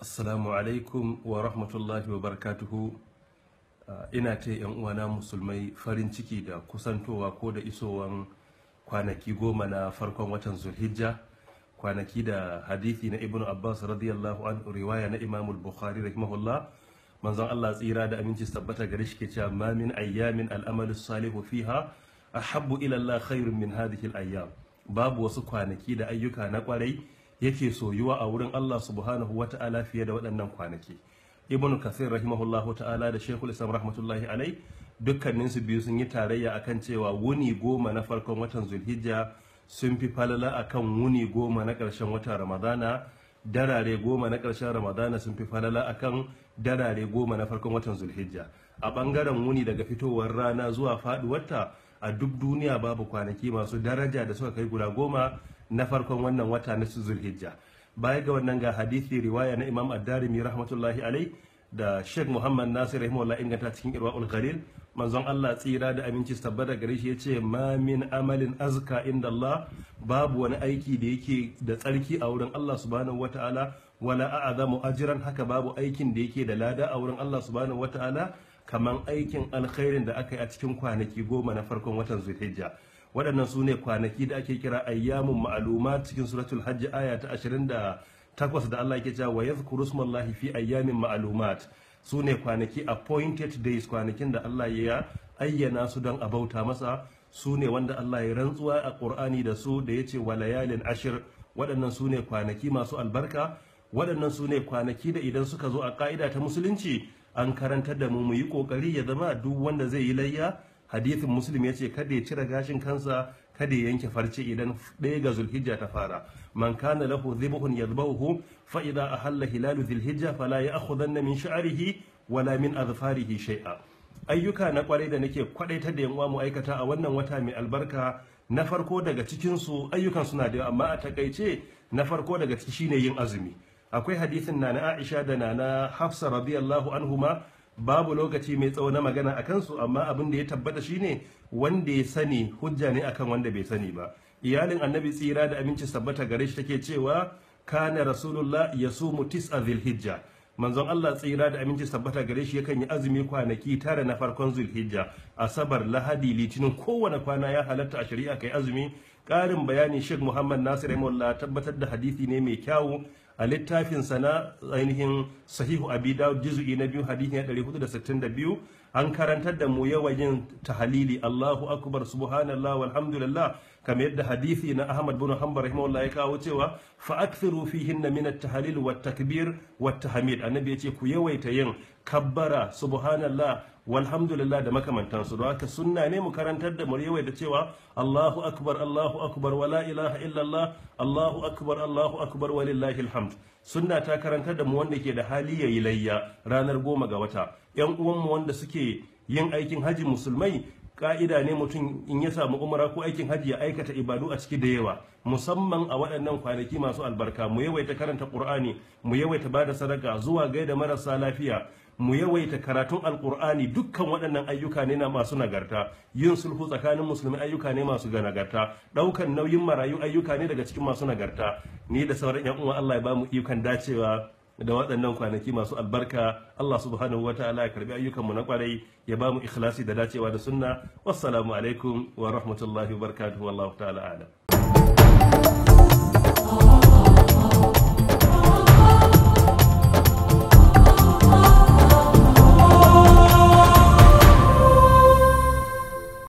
assalamu alaikum wa rahmatullahi wa barakatuhu uh, ina ta yan uwana musulmai farin ciki da kusantowa ko da isowan kwanaki goma na farkon watan zulhijja kwanaki da hadithi na ibnu abbas radiyallahu an riwaya na imamul bukhari rahimahullah manzon allah tsira da aminci tabbata gare shi ke cewa ma min ayyamin al'amalu salihu fiha ahabbu ila allah khairun min hadhihi ayyam babu wasu kwanaki da ayyuka na kwarai yake soyuwa a wurin Allah subhanahu wa ta'ala fiye da waɗannan kwanaki ibnu kasir rahimahullahu ta'ala da shekul islam rahmatullahi alai dukkanin su biyu sun yi tarayya akan cewa wuni goma na farkon watan zulhijja sun fi falala akan wuni goma na ƙarshen watan ramadana darare goma na ƙarshen ramadana sun fi falala akan darare goma na farkon watan zulhijja a ɓangaren wuni daga fitowar rana zuwa faɗuwarta a duk duniya babu kwanaki masu daraja da suka kai guda goma na farkon wannan wata na zulhijja baya ga wannan ga hadithi riwaya na imam addarimi rahmatullahi alai da sheikh muhammad nasir rahimahullah inganta cikin irwa ulgharil manzon Allah tsira da aminci su da gare shi ce ma min amalin azka inda Allah babu wani aiki da yake da tsarki a wurin Allah subhanahu wataala wala a'zamu ajiran haka babu aikin da yake da lada a wurin Allah subhanahu wataala kamar aikin alkhairin da aka yi a cikin kwanaki goma na farkon watan Zulhijja waɗannan su ne kwanaki da ake kira ayyamun ma'aluma cikin suratul hajji aya ta 28 da Allah yake cewa wa yadhkuru smallahi fi ayyamin ma'alumat su ne kwanaki appointed days kwanakin da Allah ya ayyana su don a bauta masa su ne wanda Allah ya rantsuwa a Qur'ani da su da yace wa layalin ashir waɗannan su ne kwanaki masu albarka waɗannan su ne kwanaki da idan suka zo a ka'ida ta musulunci an karantar da mu mu yi ƙoƙari ya zama duk wanda zai yi layya hadithin muslim ya ce kada ya cire gashin kansa kada ya yanke farce idan ɗaya ga zulhijja ta fara man kana lahu dhibhun yadhbahu fa a ahalla hilalu dhilhijja fala ya'khudanna min sha'rihi wala min azfarihi shai'a. ayyuka na kwarai da nake kwadaitar da yan uwa mu aikata a wannan wata mai albarka na farko daga cikinsu su ayyukan suna da amma a takaice na farko daga ciki shine yin azumi akwai hadisin nana Aisha da nana Hafsa radiyallahu anhuma babu lokaci mai tsawo na magana a kansu amma abin da ya tabbata shine wanda ya sani hujja ne akan wanda bai sani ba iyalin annabi tsira da aminci sabbata gare shi take cewa kana rasulullah Mutis a dhilhijja manzon Allah tsira da aminci sabbata gare shi yakan yi azumi kwanaki tara na farkon zulhijja asabar lahadi litinin kowane kwana ya halatta a shari'a kai azumi ƙarin bayani sheikh muhammad nasir ya tabbatar da hadisi ne mai kyawu a littafinsa na ainihin sahihu abi dawud juz'i na biyu sittin na 462 an karantar da mu yawan yin tahalili Allahu akbar subhanallah walhamdulillah kamar yadda hadisi na Ahmad bin Hanbal rahimahullah ya kawo cewa fa akthiru fihinna min at-tahlil wat takbir wat tahmid annabi yace ku yawaita yin kabbara subhanallah walhamdulillah da makamantansu Da haka sunna ne mu karantar da mu da cewa Allahu akbar Allahu akbar wala ilaha illallah Allahu akbar Allahu akbar walillahi alhamd sunna ta karantar da mu wanda ke da hali ya yi layya ranar goma ga wata yan uwanmu wanda suke yin aikin haji musulmai ka'ida ne mutum in ya samu umara ko aikin haji ya aikata ibadu a ciki da yawa musamman a waɗannan kwanaki masu albarka mu yawaita karanta qur'ani mu yawaita bada sadaka zuwa gaida marasa lafiya mu yawaita karatun alkur'ani dukkan waɗannan ayyuka ne na masu nagarta yin sulhu tsakanin musulmi ayyuka ne masu ga nagarta ɗaukan nauyin marayu ayyuka ne daga cikin masu nagarta ni da sauran yan uwa Allah ya ba mu ikon dacewa da waɗannan kwanaki masu albarka Allah subhanahu wa ta'ala ya karbi ayyukanmu na kwarai ya ba mu ikhlasi da dacewa da sunna wassalamu alaikum wa rahmatullahi wa barakatuhu wallahu ta'ala a'lam